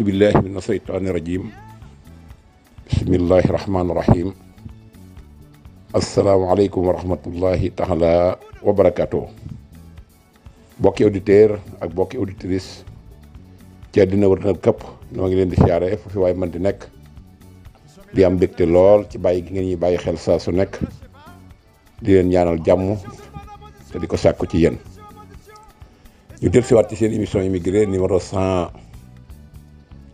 أعوذ بالله من الشيطان الرجيم بسم الله الرحمن الرحيم السلام عليكم ورحمة الله تعالى وبركاته bokki auditeur ak bokki auditrice ci àddina wërnal këpp noo ngi leen di siyaare fu fi waay mën di nekk di am mbégte lool ci bàyyi gi ngeen ñuy bàyyi xel saa su nekk di leen ñaanal jàmm te di ko sàkku ci yéen ñu dellusiwaat ci seen émission immigré numéro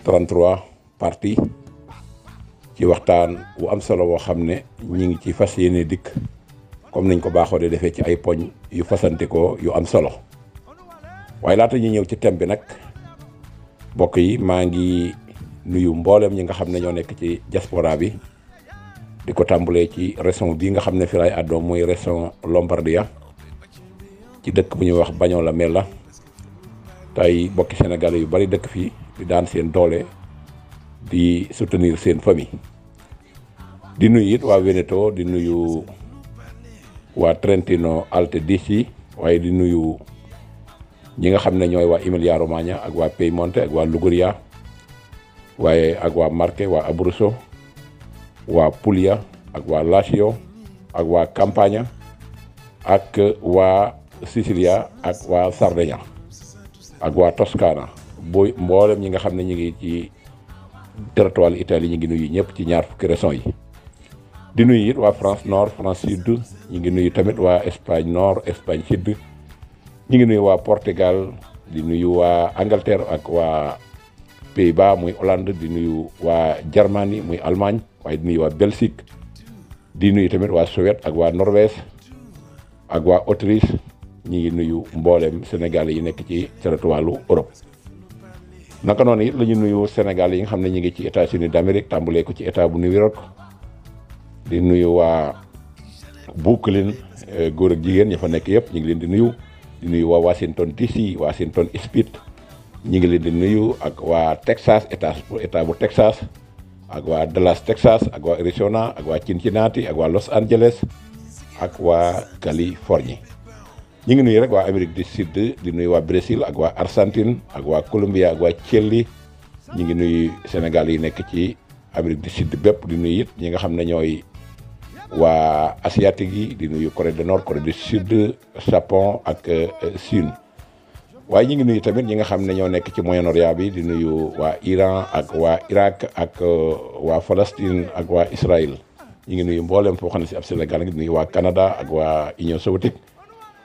33 parti ci waxtaan wu am solo woo xam ne ñi ngi ci fas yéene dikk comme nañ ko baaxoo de defee ci ay poñ yu fasante yu am solo waaye laata ñuy ñëw ci thème bi nag mbokk yi maa ngi nuyu mboolem ñi nga xam ne ñoo nekk ci diaspora bi di ko tàmbalee ci région bii nga xam ne fi laay àddoo muy région Lombardia ci dëkk bu ñuy wax Bagnola Mela tey bokki Sénégalais yu bari dëkk fii di daan seen doole di soutenir seen famille di nuyu it waa Veneto di nuyu waa Trentino Alte Dici waaye di nuyu ñi nga xam ne ñooy waa Emilia Romagna ak waa Piemonte ak waa Liguria waaye ak waa Marche waa Abruzzo waa Puglia ak waa Lazio ak waa Campania ak waa Sicilia ak waa Sardegna ak waa Toscana bu mbooleem ñi nga xam ne ñu ngi ci territoire Italie ñu ngi ñëpp ci ñaar fukki régions yi di nuy it waa France nord France sud ñu ngi nuyu tamit waa Espagne nord Espagne sud ñu ngi nuyu waa Portugal di nuyu waa Angleterre ak waa Pays-Bas muy Hollande di nuyu waa Germanie muy Allemagne waaye di nuyu waa Belgique di nuyu tamit waa Suède ak waa Norvège ak waa Autriche ñu ngi nuyu mboolem Sénégal yi nekk ci territoire Europe. naka noonu it la ñu nuyu Sénégal yi nga xam ne ñu ngi ci États-Unis d'Amérique tàmbalee ko ci état bu New York di nuyu waa Brooklyn eh, góor ak jigéen ña fa nekk yëpp ñu ngi leen di nuyu di nuyu waa Washington DC Washington State ñu ngi leen di nuyu ak waa Texas état état bu Texas ak waa Dallas Texas ak waa Arizona ak waa Cincinnati ak waa Los Angeles ak waa Californie. ñu ngi nuyu rek waa Amérique du Sud di nuyu waa Brésil ak waa Argentine ak waa Colombia ak waa Chili ñu ngi nuyu Sénégal yi nekk ci Amérique du Sud bépp di nuyu it ñi nga xam ne ñooy waa asiatique yi di nuyu Corée du Nord Corée du ak euh, Chine waaye ñu ngi nuyu tamit ñi nga xam ne ñoo nekk ci Moyen-Orient bi di nuyu waa Iran ak waa Irak ak euh, waa Palestine ak waa Israël ñu ngi nuyu mboolem foo xam ne si ab Sénégal ngi nuyu waa Canada ak waa Union soviétique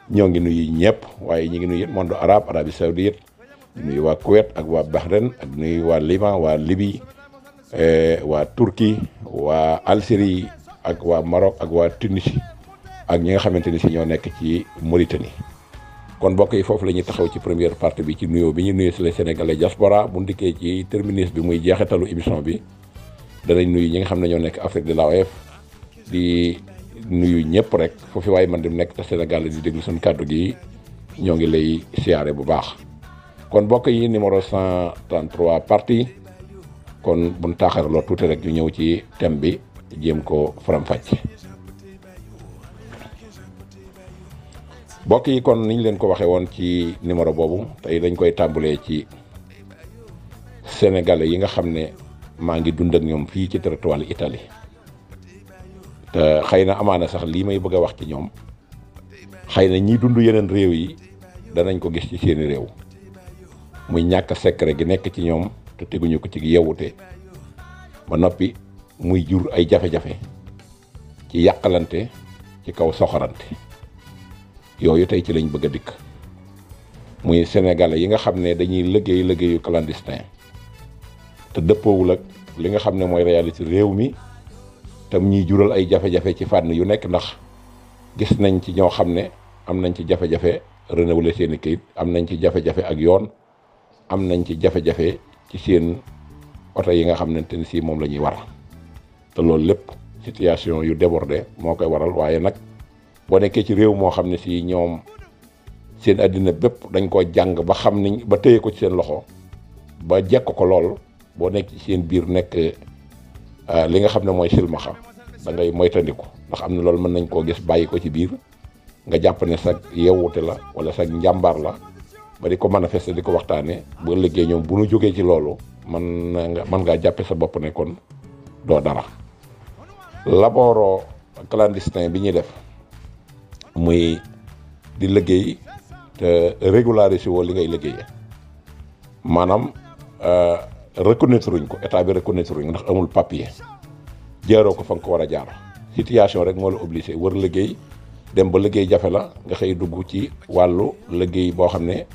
ñoo ngi nuyu ñëpp waaye ñu ngi nuyu monde arabe Arabie Saoudite di nuyu waa Kuwait ak waa Bahreïn ak nuyu waa Liban waa Libye eh, waa Turquie waa Algérie ak waa Maroc ak waa Tunisie ak ñi nga xamante ni si ñoo nekk ci Mauritanie. kon mbokk yi foofu la ñuy taxaw ci première partie bi ci nuyoo bi ñu nuyu si la sénégalais diaspora bu ndikkee ci terminus bi muy jeexitalu émission bi danañ nuyu ñi nga xam ne ñoo nekk Afrique de la di. nuyu ñëpp rek foofu waaye man mu nekk te Sénégal di déglu suñu kàddu gi ñoo ngi lay siyaare bu baax kon bokk yi numéro 133 parti kon buñ taaxarloo tuuti rek ñu ñëw ci thème bi jéem ko faram-fàcce bokk yi kon niñ leen ko waxee woon ci numéro boobu tey dañ koy tàmbalee ci sénégalais yi nga xam ne maa ngi dund ak ñoom fii ci territoire itali te xëy na amaana sax lii may bëgg a wax ci ñoom xëy na ñii dund yeneen réew yi danañ ko gis ci seeni réew muy ñàkk secret gi nekk ci ñoom te teguñu ko ci yewute ba noppi muy jur ay jafe-jafe ci yàqalante ci kaw soxorante yooyu tey ci lañ bëgg a dikk muy sénégalais yi nga xam ne dañuy liggéey liggéeyu clandestin te dëppoowul ak li nga xam ne mooy ci réew mi tam ñuy jural ay jafe-jafe ci fànn yu nekk ndax gis nañ ci ñoo xam ne am nañ ci jafe-jafe renouveler seen i kayit am nañ ci jafe-jafe ak yoon am nañ ci jafe ci seen oto yi nga xam ne ten ni si moom la ñuy war te loolu lépp situation yu débordé moo koy waral waaye nag boo nekkee ci réew moo xam ne si ñoom seen àddina bépp dañ koo jàng ba xam niñ ba téye ko ci seen loxo ba jekk ko lool boo nekk ci seen biir nekk Euh, li nga xam ne mooy silmaxa da ngay moytandiku ndax am na loolu mën nañ koo gis bàyyi ko ci biir nga jàpp ne sag yewwute la wala sag njàmbaar la ba di ko manifester di ko waxtaane boo ëllëgee ñoom bu nu jógee ci loolu man nga mën ngaa jàppe sa bopp ne kon doo dara laboro clandestin bi ñuy def muy di liggéey te régulariser woo li ngay liggéeyee maanaam euh, reconnaître wuñ ko état bi reconnaître wuñ ndax amul papier jaaroo ko fa ko war a jaar situation rek moo la obligé war liggéey dem ba liggéey jafe la nga xëy dugg ci wàllu liggéey boo xam ne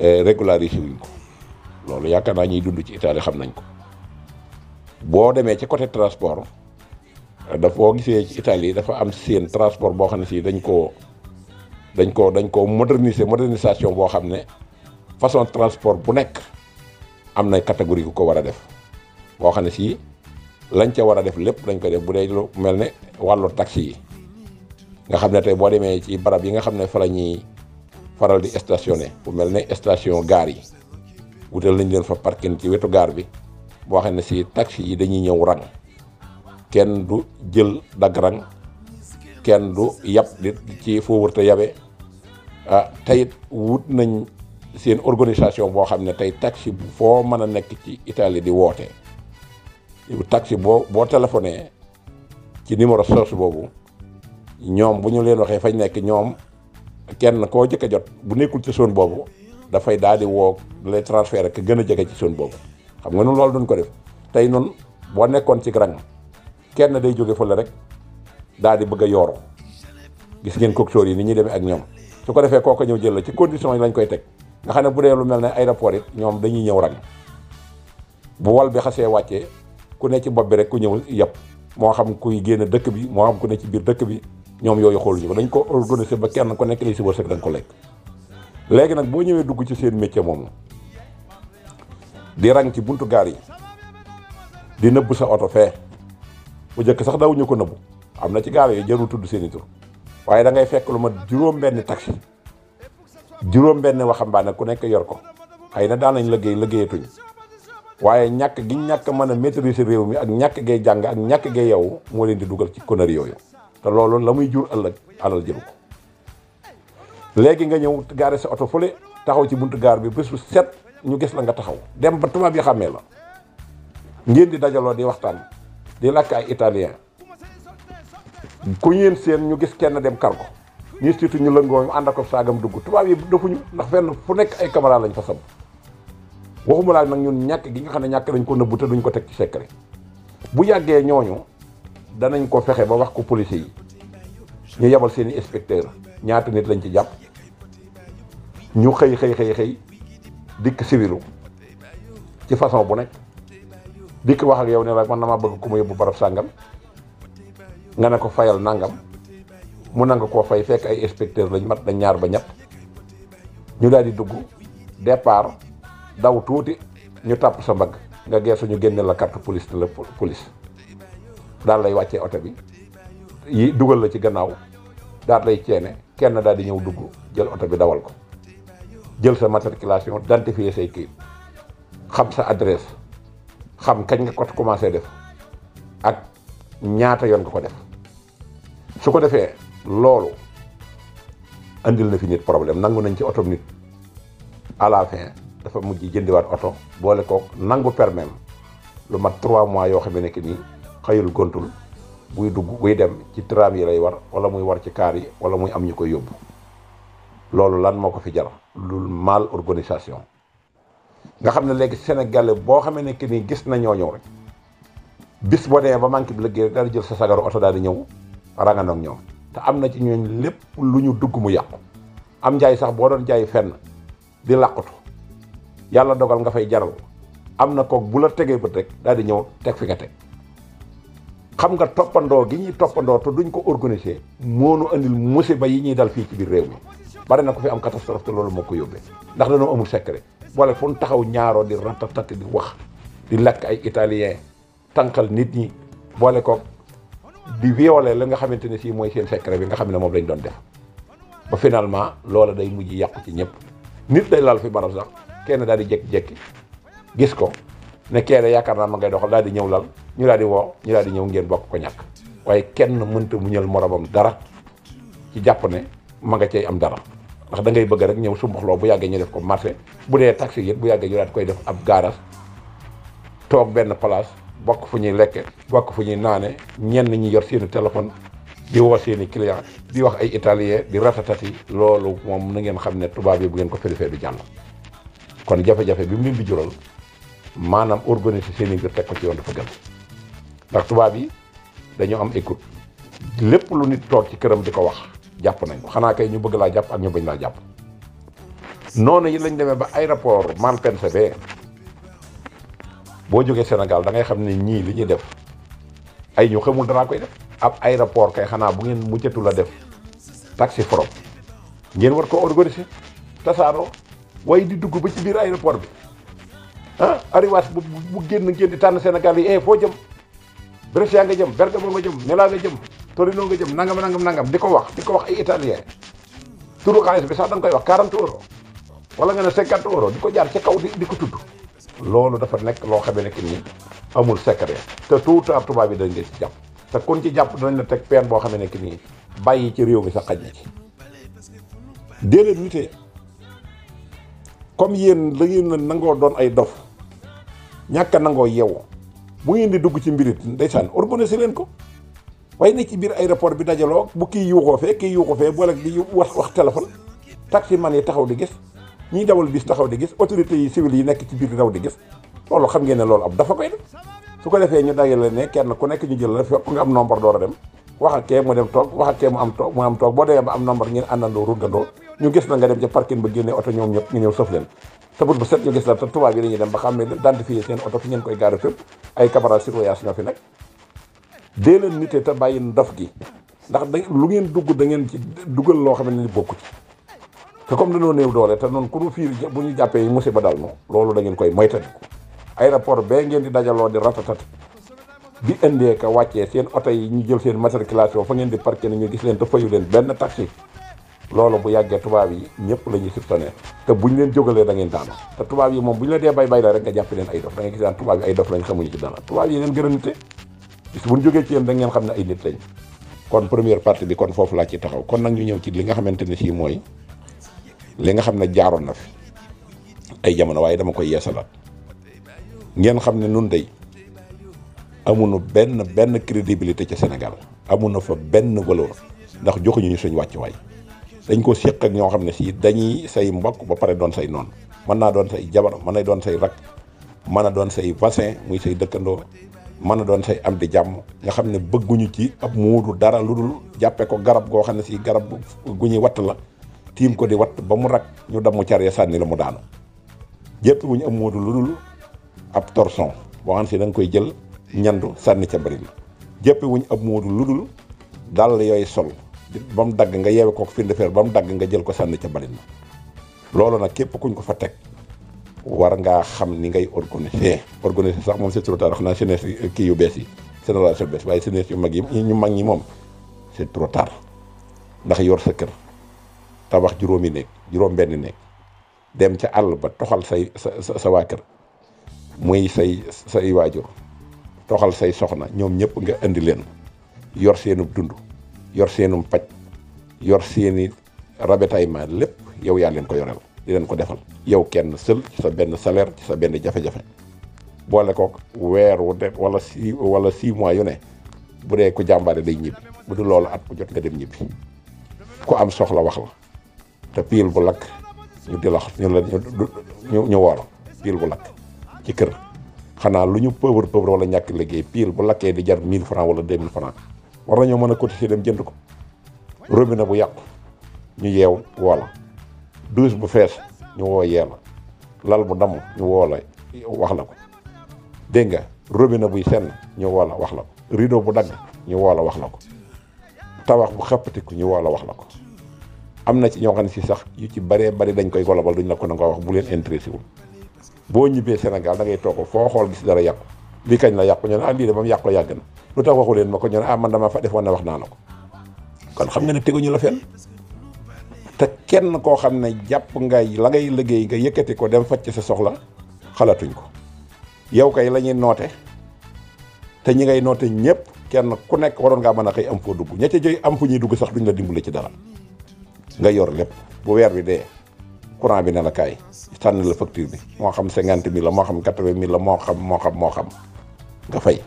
eh, régularisé wuñ ko loolu yaakaar naa ñuy dund ci Italie xam nañ ko boo demee ci côté transport dafa boo gisee ci Italie dafa am seen transport boo xam ne sii dañ koo dañ ko dañ ko moderniser modernisation boo xam ne façon transport bu nekk am na catégorie ku ko war a def boo xam ne si lañ ca war a def lépp dañ koy def bu dee lu mel ne wàllu taxi yi nga xam ne tey boo demee ci barab yi nga xam ne fa la ñuy faral di stationné bu mel ne station gaar yi wutal lañ leen fa parking ci wetu gaar bi boo xam ne si taxi yi dañuy ñëw rang kenn du jël dagg rang kenn du yab di ci foo wërta yabe ah wut nañ seen organisation boo xam ne tey taxi foo mën a nekk ci itali di woote yow taxi boo boo téléphoné ci numéro source boobu ñoom bu ñu leen waxee fañ nekk ñoom kenn koo jëkk jot bu nekkul ci zone boobu dafay daal di woo lay transféré gën a jege ci zone boobu xam nga noonu loolu duñ ko def tey noonu boo nekkoon ci rang kenn day jóge fële rek daal di bëgg a yooroo gis ngeen coxeur yi ni ñuy demee ak ñoom su ko defee kooku ñëw jël la ci condition yi lañ koy teg. nga xam ne bu dee lu mel ne aéroport it ñoom dañuy ñëw rang bu wal bi xasee wàccee ku nekk ci bopp bi rek ku ñëw yëpp moo xam kuy génn dëkk bi moo xam ku ne ci biir dëkk bi ñoom yooyu xooluñu ko dañ ko organisé ba kenn ku nekk li si wërsëg da nga ko lekk léegi nag boo ñëwee dugg ci seen métier moomu di rang ci buntu gaar yi di nëbb sa oto fee bu njëkk sax dawuñu ko nëbb am na ci gaar yi jarul tudd seen i tur waaye da ngay fekk lu ma juróom benni taxi juróom-benn waxambaane ku nekk yor ko xëy na daan nañ liggéey liggéeyatuñ waaye ñàkk gi ñàkk mën a maîtriser réew mi ak ñàkk gee jàng ak ñàkk gay yow moo leen di dugal ci conneries yooyu te loolu la muy jur ëllëg alal jëru ko léegi nga ñëw gaare sa oto fële taxaw ci buntu gaar bi bés bu set ñu gis la nga taxaw dem ba tubaab yi xàmmee la ngeen di dajaloo di waxtaan di làkk ay italien ku ñeen seen ñu gis kenn dem kar ko ñi surtout ñu lëngoo ànd ak saagam dugg tubaab yi defuñu ndax fenn fu nekk ay caméra lañ fa sab waxuma laa nag ñun ñàkk gi nga xam ne ñàkk nañ ko nëbbu te duñ ko teg ci secret bu yàggee ñooñu danañ ko fexe ba wax ko policier yi ñu yebal seen i inspecteur ñaata nit lañ ci jàpp ñu xëy xëy xëy xëy dikk sibiru ci façon bu nekk dikk wax ak yow ne la man na maa bëgg ku ma yóbbu barab sàngam nga ne ko fayal nangam mu nga koo fay fekk ay inspecteur lañu mat na ñaar ba ñett ñu daal di dugg départ daw tuuti ñu tàpp sa mbagg nga geesu ñu génne la carte police de la police daal lay wàccee oto bi yi dugal la ci gannaaw daal lay ceene kenn daal di ñëw dugg jël oto bi dawal ko jël sa matriculation identifier say kayit xam sa adresse xam kañ nga ko commencé def ak ñaata yoon nga ko def su ko defee loolu indil na fi nit problème nangu nañ ci oto nit à la fin dafa mujj jëndiwaat oto boole ko nangu permis lu mat trois mois yoo xam ne nekk nii xëyul gontul buy dugg buy dem ci tram yi lay war wala muy war ci kaar yi wala muy am ñu koy yóbbu loolu lan moo ko fi jar lu mal organisation nga xam ne léegi Sénégalais boo xamee ne que ni gis na ñoo ñëw rek bis boo ba manqué bi liggéey daal di jël sa sagaru oto daal di ñëw rangandoo ak ñoom te am na ci ñooñ lépp lu ñu dugg mu yàqu am njaay sax boo doon jaay fenn di làqutu yàlla dogal nga fay jaral am na kook bu la tegee bët rek daal di ñëw teg fi nga teg xam nga toppandoo gi ñuy toppandoo te duñ ko organiser moonu andil musiba yi ñuy dal fii ci biir réew mi bari na ko fi am catastrophe te loolu moo ko yóbbee ndax dañoo amul secret boole fu taxaw ñaaroo di ratatati di wax di lakk ay italien tànqal nit ñi boole kook di violer li nga xamante ne sii mooy seen secret bi nga xam ne moom lañ doon def ba finalement loola day mujj yàqu ci ñëpp nit day laal fi barab sax kenn daal di jékki-jékki gis ko ne kenn yaakaar naa ma ngay doxal daal di ñëw lal ñu daal di woo ñu daal di ñëw ngeen bokk ko ñàkk waaye kenn mënta muñal moromam dara ci jàpp ne ma nga cay am dara ndax dangay bëgg rek ñëw sumbaxloo bu yàggee ñu def ko marché bu dee taxi yëpp bu yàggee ñu daal koy def ab gaaras benn place bokk fu ñuy lekke bokk fu ñuy naane ñenn ñi yor seeni téléphone di woo seeni client di wax ay italien di ratatati loolu moom na ngeen xam ne tubaab yi bu ngeen ko férifee du jàll kon jafe-jafe bi mu leen di jural maanaam organiser seeni ngir teg ci yoon dafa gën ndax tubaab yi dañoo am écoute lépp lu nit toog ci këram di ko wax jàpp nañ xanaa kay ñu bëgg laa jàpp ak ñu bañ laa jàpp noonu yi lañ demee ba aéroport Malpensa be boo jógee Sénégal da ngay xam ne ñii li ñuy def ay ñu xamul dara koy def ab aéroport kay xanaa bu ngeen mujjatu la def taxi from ngeen war ko organiser tasaaroo waaye di dugg ba ci biir aéroport bi ah arrivage bu génn ngeen di tànn Sénégal yi eh foo jëm Brescia nga jëm Bergamo nga jëm Milan nga jëm Torino nga jëm nangam nangam nangam di ko wax di ko wax ay italien turu xaalis bi sax da koy wax 40 euros wala nga ne 50 euros di ko jaar ca kaw di ko loolu dafa nekk loo xame nekk ni amul secret te tout ab tubaab bi dañ nga ci jàpp te kun ci jàpp dinañ la teg peen boo xamee nekk nii bàyyi ci réew mi sa xaj na ci déedéet nitee comme yéen da ngeen na nangoo doon ay dof ñàkk nangoo yeewu bu ngeen di dugg ci mbirit ndeysaan organiser leen ko waaye ne ci biir aéroport bi dajaloo bu kii yuuxoo fee kii yuuxoo fee boole di wax wax téléphone taxi man yi taxaw di gis ñiy dawal bis taxaw di gis autorités yi civil yi nekk ci biir daw di gis ne loolu ab dafa koy def su ko defee ñu ne kenn ku nekk ñu jël la fépp nga a dem wax ak kee mu wax ak mu am toog mu am toog boo demee am nombre ngeen àndandoo ruggandoo ñu gis la nga dem ca parking ba génnee oto ñoom ñëpp nga ñëw sëf leen te bët bu set ñu gis la te tubaab yi dañuy dem ba xam ne identifier seen oto fi ngeen koy gaare fépp ay caméra surveillance fi nekk dee leen nite te bàyyi ndof gi ndax da lu ngeen dugg da ngeen ci dugal loo xam ne ni bokku ci te comme dañoo néew doole te noonu ku nu fiir bu ñu jàppee loolu da koy moytandiku aéroport bee ngeen di dajaloo di ratatat bi indee ka wàccee seen oto yi ñu jël seen matriculation fa ngeen di parqué ni ñu leen te fayu leen loolu bu yàggee tubaab yi ñëpp la ñuy soupçonné te buñ ñu leen ay dof da nga gis daan tubaab yi ay dof lañ xamuñu ci dara tubaab yi leen gën a nite bis da ngeen xam ne ay nit lañ kon première partie bi kon foofu laa ci taxaw kon nag ñu ñëw ci li nga xamante ne sii mooy li nga xam ne jaaroon na fi ay jamono waaye dama koy yeesalaat ngeen xam ne nun day amuñu benn benn crédibilité ca Sénégal amuñu fa benn valeur ndax joxuñu ñu suñ wàccuwaay dañ ko séq ak ñoo xam ne si dañuy say mbokk ba pare doon say noon mën naa doon say jabar mën na doon say rak mën a doon say vaccin muy say dëkkandoo mën a doon say am di jàmm nga xam ne bëgguñu ci ab muudu dara lu dul jàppee ko garab goo xam ne si garab gu ñuy watt la tiim ko di wat ba mu rak ñu damm car ya sànni la mu daanu jëpp wuñu am moodu lu dul ab torson boo xam si da koy jël ñandu sànni ca bari la jëppe wuñ ab moodu lu dul daal yooyu sol ba mu dagg nga yeewe ko fi ndefeer ba mu dagg nga jël ko sànni ca balit ma loolu nag képp kuñ ko fa teg war ngaa xam ni ngay organiser organiser sax moom c'est trop tard wax naa kii yu bees yi génération bees waaye jeunesse yu mag yi ñu mag ñi moom c'est trop tard ndax yor sa tabax juróomi néeg juróom benn néeg dem ca àll ba toxal say sa sa waa muy say say waajur toxal say soxna ñoom ñëpp nga indi leen yor seenub dund yor seenum paj yor seeni ma lépp yow yaa leen ko yoreel di leen ko defal yow kenn sël ci sa benn salaire ci sa benn jafe-jafe boole ko weer wu de wala si wala six mois yu ne bu dee ko jàmbaare day ñibbi bu du loolu at ku jot nga dem ñibbi ku am soxla wax la te piil bu lakk ñu di lax ñu la ñu ñu woor piil bu lakk ci kër xanaa lu ñu pauvre pauvre wala ñàkk liggéey piil bu lakkee di jar 1000 francs wala 2000 francs war ñoo mën a cotiser dem jënd ko robinet bu yàqu ñu yeew woo la bu fees ñu woo yee la lal bu damm ñu woo la wax la ko dégg nga robinet buy senn ñu woo wax la ko rideau bu dagg ñu woo wax la ko tabax bu xappatiku ñu woo wax la ko am na ci ñoo xam ne si sax yu ci bëree bari dañ koy golobal duñ la ko nangoo wax bu leen intéressé boo ñibbee Sénégal dangay ngay toog foo xool gis dara yàqu lii kañ la yàqu ñu ne am ah, lii de moom yàqu yàgg na lu tax waxu leen ma ko ñu ne ah man fa defoon ne wax naa la ko kon xam nga ne teguñu la fen te kenn koo xam ne jàpp ngay la ngay liggéey nga yëkkati ko dem faj sa soxla xalaatuñ ko yow kay lañuy noote te ñi ngay noote ñëpp kenn ku nekk waroon ngaa mën a xëy am foo dugg ña ca am fu ñuy dugg sax duñ la dimbale ci dara nga yor lépp bu weer bi de courant bi ne la kaay sànni la facture bi moo xam cinquante mille la moo xam quatre vingt mille la moo xam moo xam moo xam nga fay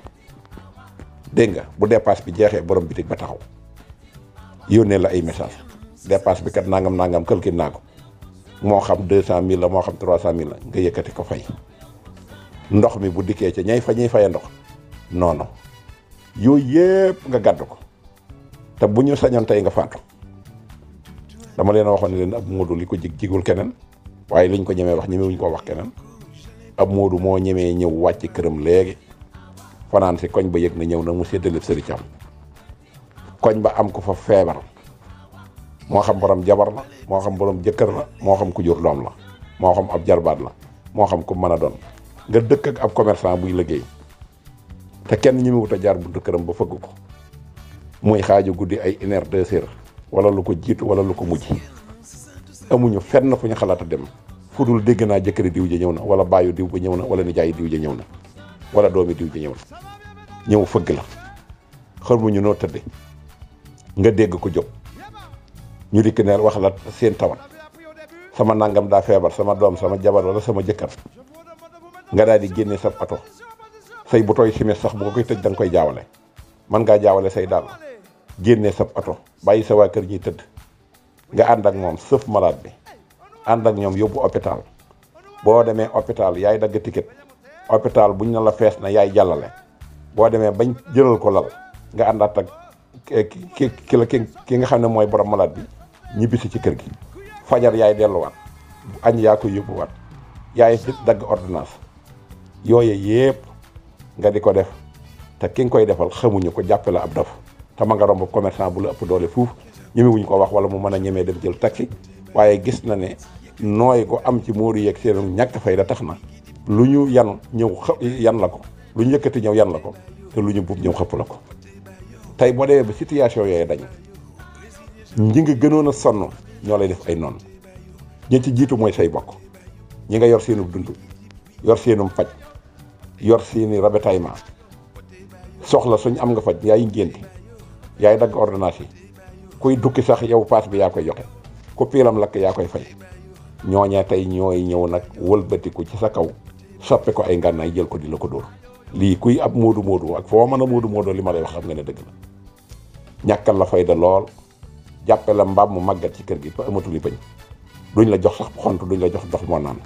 dégg nga bu dépasse bi jeexee borom bitig ba taxaw yónnee la ay message dépasse bi kat nangam nangam calcul naa ko moo xam deux cent mille moo xam trois cent mille la nga yëkkati ko fay ndox mi bu dikkee ca ñay fa ñay fayee ndox non non yooyu nga gàddu ko te bu ñu sañoon tey nga faatu dama leen waxoon ne leen ab moodu li ko jig jigul keneen waaye liñ ko ñemee wax ñemewuñ koo wax keneen ab moodu moo ñemee ñëw wàcc këram léegi fanaan si koñ ba yëg na ñëw na mu séddale sëri cam koñ ba am ko fa feebar moo xam borom jabar la moo xam borom jëkkër la moo xam ku jur doom la moo xam ab jarbaat la moo xam ku mën a doon nga dëkk ab commerçant buy liggéey te kenn ñi mu wut a jaar buntu këram ba fëgg ko muy xaaju guddi ay une heure wala lu ko jiit wala lu ko mujj amuñu fenn fu ñu xalaat dem fu dul dégg naa jëkkëri diw ja ñëw na wala baayu diw ba ñëw na wala nijaayu diw ja ñëw na wala doomi diw ja ñëw na ñëw fëgg la xamuñu noo tëdde nga dégg ko jóg ñu dikk neel wax la seen tawat sama nangam daa feebar sama doom sama jabar wala sama jëkkër nga daal di génne sa oto say bu tooy simis sax bu ko koy tëj da nga koy jaawale man ngaa jaawale say daal génne sab oto bàyyi sa waa kër ñuy tëdd nga ànd ak moom sëf malaat bi ànd ak ñoom yóbbu hôpital boo demee hôpital yaay dagg ticket bu buñ ne la fees na yaay jàllale boo demee bañ jëlal ko lal nga àndaat ak ki ki nga xam ne mooy borom malade bi ñibbisi ci kër gi fajar yaay delluwaat añ yaa ko yóbbuwaat yaay dagg ordonnance yooye yépp nga di ko def te ki nga koy defal xamuñu ko jàppe la ab daf te ma nga romb commerçant bu la ëpp doole fuuf ñemewuñ ko wax wala mu mën a ñemee dem jël taxi waaye gis na ne nooy ko am ci mooru yeeg seenu ñàkk fay da tax na lu ñu yan ñëw la ko lu ñu yëkkati ñëw yan la ko te lu ñu buub ñëw xëpp la ko tey boo demee ba situation yooyu dañ ñi nga gënoon sonn ñoo lay def ay noonu ñi ci jiitu mooy say bokk ñi nga yor seenum dund yor seenum faj yor seeni ravitaillement soxla suñ am nga faj yaa yi yaay dagg ordonnance yi kuy dukki sax yow paas bi yaa koy joxe ku piiram lakk yaa koy fay ñooñee tey ñooy ñëw nag wëlbatiku ci sa kaw soppe ko ay ngànnaay jël ko di la ko dóor lii kuy ab moodu moodu ak foo mën a moodu moodu li ma lay wax xam nga ne dëgg la la fayda lool jàppe mbaam mu màggat ci kër gi ba bañ duñ la jox sax xont duñ la jox ndox moo naan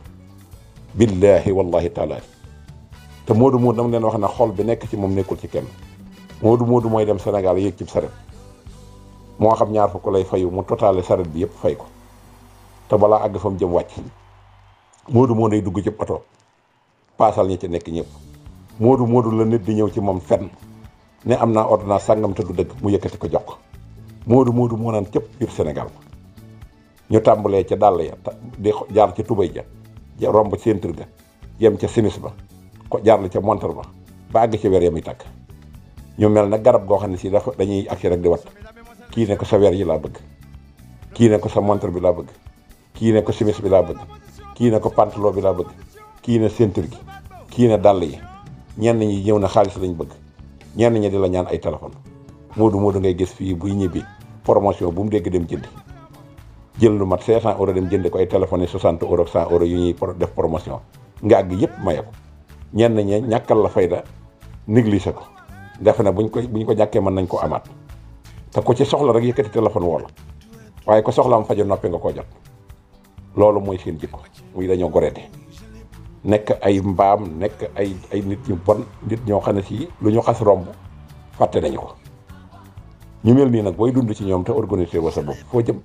billaahi wallahi taala te moodu moodu dama leen wax ne xol bi nekk ci moom nekkul ci kenn Modou Modou mooy dem Sénégal yéeg ci saret moo xam ñaar fa ko lay fayu mu totaale saret bi yëpp fay ko te balaa àgg fa mu jëm wàcc Modou Modou day dugg ci oto paasal ñi ci nekk ñëpp Modou Modou la nit di ñëw ci moom fen ne am naa ordonnance sàngam te du dëgg mu yëkkati ko jox ko Modou Modou moo naan cëpp biir Sénégal ñu tàmbalee ca dàll ya di jaar ca tubay ja romb ceinture ga yem ca simis ba ko jaar la ca montar ba ba àgg ci weer ya muy tàkk ñu mel na garab goo xam ne si dafa dañuy agsi rek di wat kii ne ko sa weer yi laa bëgg kii ne ko sa montre bi laa bëgg kii ne ko simis bi laa bëgg kii ne ko pantalon bi laa bëgg kii na ceinture gi kii ne dàll yi ñenn ñi ñëw na xaalis lañu bëgg ñenn ñi di la ñaan ay téléphone moodu moodu ngay gis fii buy ñibbi promotion bu mu dégg dem jënd jël lu mat 500 euros dem jënd ko ay téléphones yi 60 euros 100 yu ñuy def promotion nga àgg yëpp maye ko ñenn ñi ñàkkal la fayda négligé ko. defe na buñ ko buñ ko ñàkkee mën nañ ko amaat te ko ci soxla rek yëkkati téléphone woo la waaye ko ku soxlaam fajo noppi nga koo jot loolu mooy seen jikko muy dañoo goreete nekk ay mbaam nekk ay ay nit ñu bon nit ñoo xam ne si lu ñu xas romb fàtte nañu ko ñu mel nii nag booy dund ci ñoom te organisé wa sa bopp foo jëm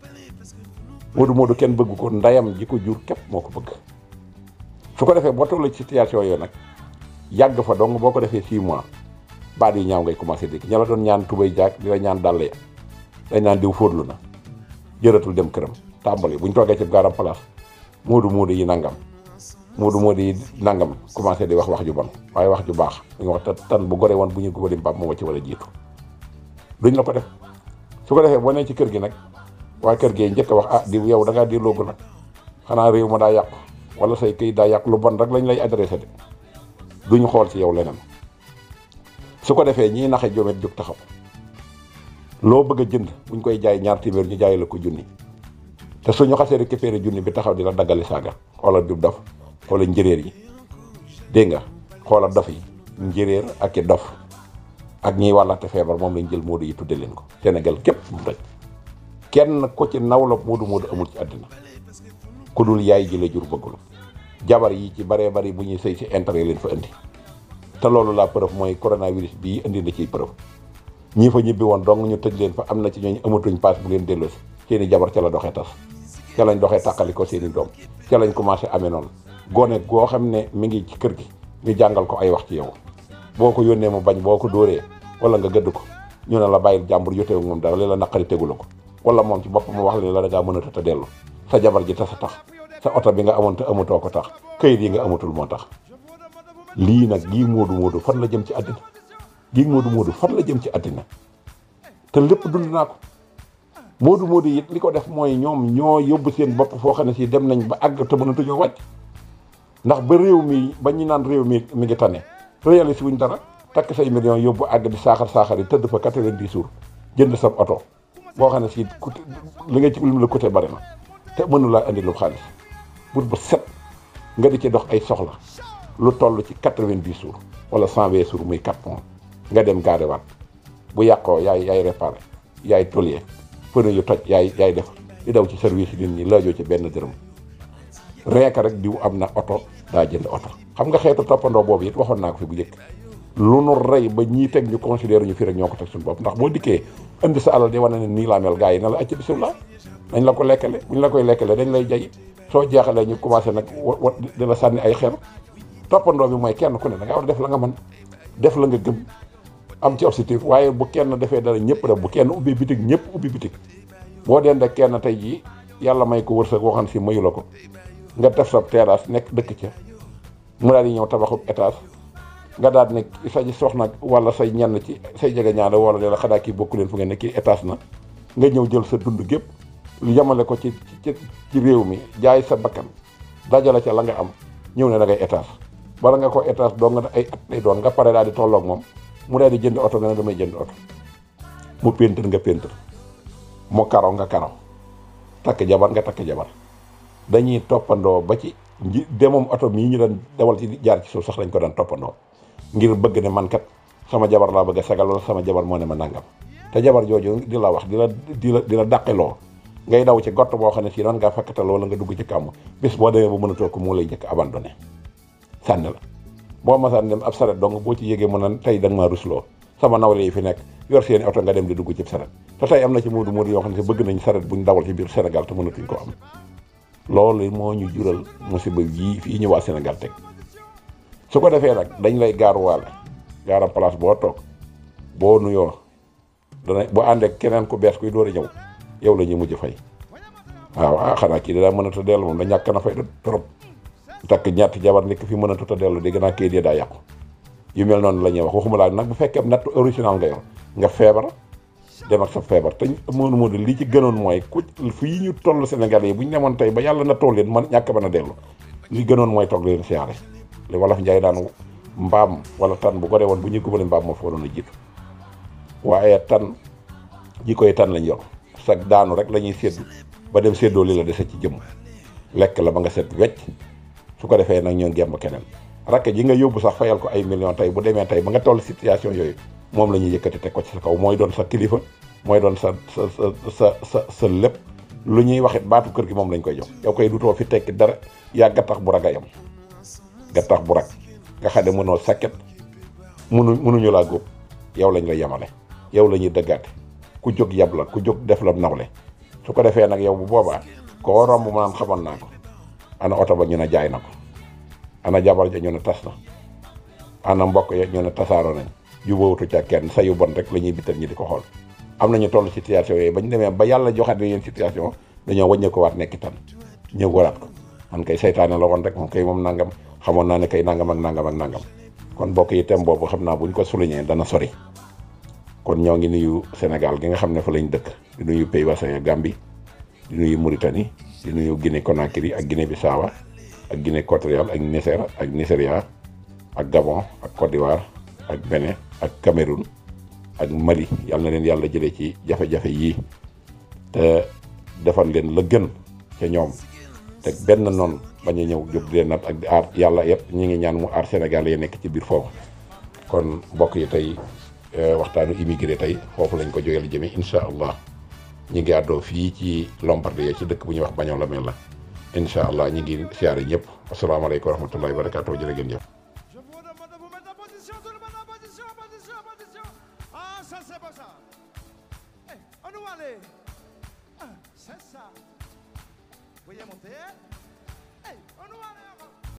Modou Modou kenn bëgg ko ndayam jikko ko jur képp moo ko bëgg su ko defee boo toll ci situation yooyu nag yàgg fa dong boo ko defee six mois baat yi ñaaw ngay commencé dégg ña la doon ñaan tubay jaak di la ñaan dàll diw fóotlu na jëratul dem këram tàmbali buñ toogee ci gaaram place moodu moodu yi nangam moodu moodu yi nangam commencé di wax wax ju bon waaye wax ju baax ñu wax tan bu gore woon bu ñu gubali mbaam moo ci war a jiitu duñ la ko def su ko defee boo nee ci kër gi nag waa kër gi njëkk wax ah diw yow dangaa ngaa di loogu nag xanaa réew ma daa yàqu wala say këyit daa yàq lu bon rek lañ lay adressé de duñ xool ci yow leneen su ko defee ñiy naxe jomet jóg taxaw loo bëgg a jënd buñ koy jaay ñaar téeméer ñu jaay la ko junni te suñu xasee récupéré junni bi taxaw di la daggali saaga xoolal du dof xoolal njéréer yi dégg nga xoolal dof yi njéréer ak i dof ak ñiy wàllante feebar moom lañ jël moodu yi tudde leen ko Sénégal képp mu daj kenn ko ci naw la moodu moodu amul ci àddina ku yaay ji la jur bëggul jabar yi ci baree bari bu ñuy sëy si intérêt leen fa indi te loolu la preuve mooy coronavirus bii indi na ciy preuve ñii fa ñibbi woon dong ñu tëj leen fa am na ci ñooñu amatuñ paas bu leen delloosi seeni jabar ca la doxee tas ca lañ doxee tàqali ko seeni doom ca lañ commencé amee noonu goone goo xam ne mi ngi ci kër gi ñu jàngal ko ay wax ci yow boo ko yónnee mu bañ boo ko dóoree wala nga gëdd ko ñu ne la bàyyil jàmbur yotewu moom dara li la naqari tegu la ko wala moom ci boppam wax la la dangaa mën a tëdd a dellu sa jabar ji tax sa oto bi nga amoon te amutoo ko tax këyit yi nga amatul moo tax lii nag gii moodu moodu fan la jëm ci àddina gii moodu moodu fan la jëm ci àddina te lépp dund naa ko moodu moodu it li ko def mooy ñoom ñoo yóbbu seen bopp foo xam ne si dem nañ ba àgg te mënatuñoo wàcc ndax ba réew mi ba ñu naan réew mi mi ngi tane si wuñ dara takk say millions yóbbu àgg bi saaxar saaxar yi tëdd fa quatre-vingt-dix jours jënd sa oto boo xam ne si li nga ci lim la côté bari na te mënu laa indi lu xaalis but set nga di ci dox ay soxla lu toll ci quatre-vingt-dix jours wala cent vingt jours muy quatre mois nga dem garé bu yàqoo yaay yaay réparé yaay tollier pneu yu toj yaay yaay def di daw ci service yi nit ñi laajoo ci benn dërëm reeka rek diw am na oto daa jënd oto xam nga xeetu toppandoo boobu it waxoon naa ko fi bu njëkk lu nu rey ba ñii teg ñu considéré ñu fi rek ñoo ko teg suñu bopp ndax boo dikkee indi sa alal di wane ne nii laa mel gars yi ne la acca bisimilah dañ la ko lekkale buñ la koy lekkale dañ lay jay soo jeexalee ñu commencé nag wa wa di sànni ay xel toppandoo bi mooy kenn ku ne da ngaa war def la nga mën def la nga gëm am ci objectif waaye bu kenn defee dara ñëpp def bu kenn ubbi bitig ñëpp ubbi bitig boo dend ak kenn tey jii yàlla may ko wërsëg waxan si mayu la ko nga def sa terrasse nekk dëkk ca mu daal di ñëw tabaxub étage nga daal ne sa soxna wala say ñenn ci say jege ñaare wala leen xanaa kii bokku leen fu ngeen ne kii na nga ñëw jël sa dund gépp yemale ko ci ci ci réew mi jaay sa bakkan dajale ca la nga am ñëw ne da ngay bala nga ko étage doo nga ay at lay doon nga pare daal di tolloog moom mu daal di jënd oto nga ne damay jënd oto mu péntër nga péntër mu karaw nga karaw takk jabar nga takk jabar dañuy toppandoo ba ci nji demoom oto mii ñu doon dawal ci jaar ci suuf sax lañ ko daan toppandoo ngir bëgg ne man kat sama jabar laa bëgg a sagal wala sama jabar moo ne ma nangam te jabar jooju di la wax di la di la di la dàqeloo ngay daw ci gott boo xam ne si doon ngaa fakkatal wala nga dugg ci kàmm bis boo demee ba ko mu lay njëkk abandonné sànni boo masaan dem ab saret don boo ci yégee mu naan tey da nga maa rusloo sama nawle yi fi nekk yor seeni oto nga dem di dugg ci saret te tey am na ci moo moodu yoo xam ne si bëgg nañ saret buñ dawal ci biir Sénégal te mënatuñ ko am loolu moo ñu jural musiba yii fii ñu waa Sénégal teg su ko defee nag dañ lay gaaruwaale gaaram place boo toog boo nuyoo dana boo ànd keneen ku bees kuy door a ñëw yow la ñuy mujj fay waaw ah xanaa kii da daa mën dellu moom da ñàkk na fay trop takk ñetti jabar nekk fi mën a tuta dellu di naa a ya daa yàqu yu mel noonu la ñuy wax waxuma laa nag bu fekkee natt original nga yor nga feebar dem ak sa feebar te Modou Modou lii ci gënoon mooy ku fii ñu toll senegal yi bu ñu demoon tey ba yàlla na toll leen man ñàkk ba na dellu li gënoon mooy toog leen siyaare li wolof Njaay daan mbaam wala tan bu ko woon bu ñuy gubalee mbaam moo fa waroon a waaye tan ji koy tan lañ yor sag daanu rek la ñuy séddu ba dem séddoo li la dese ci jëmm lekk la ba nga set wecc su ko defee nag ñoo gemb keneen rakk ji nga yóbbu sax fayal ko ay million tey bu demee tey ba nga tollu situation yooyu moom la ñuy yëkkati te ko ci sa kaw mooy doon sa kilifa mooy doon sa sa sa sa sa lépp lu ñuy waxit baatu kër gi moom lañ koy jox yow koy dutoo fi tekki dara yaa gattax bu rag a yam gattax bu rag nga xam ne mënoo sakket mënu mënuñu laa góob yow lañ la yemale yow la ñuy dëggaate ku jóg yab la ku jóg def la nawle su ko defee nag yow bu boobaa koo romb ko ana oto ba ñu ne jaay na ko ana jabar ja ñu ne tas na ana mbokk ya ñu ne tasaaroo nañ jubóowutu ca kenn sa yu bon rek la ñuy bital ñi di ko xool am ñu toll situation yooyu ba ñu demee ba yàlla joxaat ne yéen situation dañoo wàññee ko waat nekk tan ñëw waraat ko man kay saytaane la woon rek moom kay moom nangam xamoon naa ne kay nangam ak nangam ak nangam kon bokk yi thème boobu xam naa buñ ko souligné dana sori kon ñoo ngi nuyu Sénégal gi nga xam ne fa lañu dëkk di nuyu pays voisin Gambie di nuyu Mauritanie di nuyu Guinée Conakry ak Guinée Bissau ak Guinée équatoriale ak Niger ak Nigeria ak Gabon ak Côte d'Ivoire ak bene ak Cameroun ak Mali yàlla na leen yàlla jëlee ci jafe-jafe yii te defal leen la gën ca ñoom te benn noon bañ a ñëw jóg di leen nat ak di aar yàlla yëpp ñi ngi ñaan mu aar Sénégal yi nekk ci biir foofu kon mbokk yi tey euh, waxtaanu immigré tey foofu lañ ko jógee la jëmee incha allah. ñu ngi àddoo fii ci Lombardia ci dëkk bu ñuy wax Bagnola Mela incha allah ñu ngi siyaare ñëpp asalaamaaleykum wa rahmatullahi wa barakaatu jërë ngeen